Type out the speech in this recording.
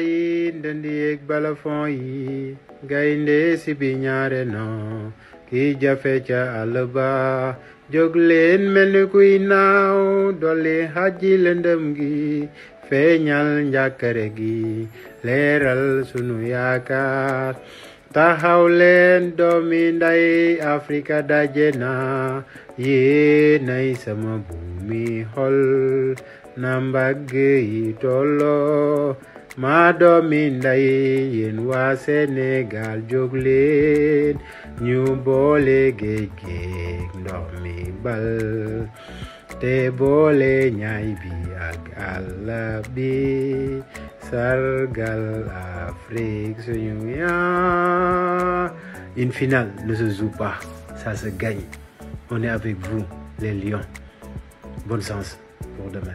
yi ndënd yéeg balafon yi gaynde si bi ñaare non kiy jafe ca àll ba leen mel ni kuy naaw dolli xàjji lëndëm gi feeñal njàkkare gi leeral sunu yaakaar taxaw leen doomi nday Afrika daje na yéenay sama buumi xol na mbagg yi tolloo Madame Sénégal Joglin bal te bi Afrique Une finale ne se joue pas, ça se gagne. On est avec vous, les lions. Bon sens pour demain.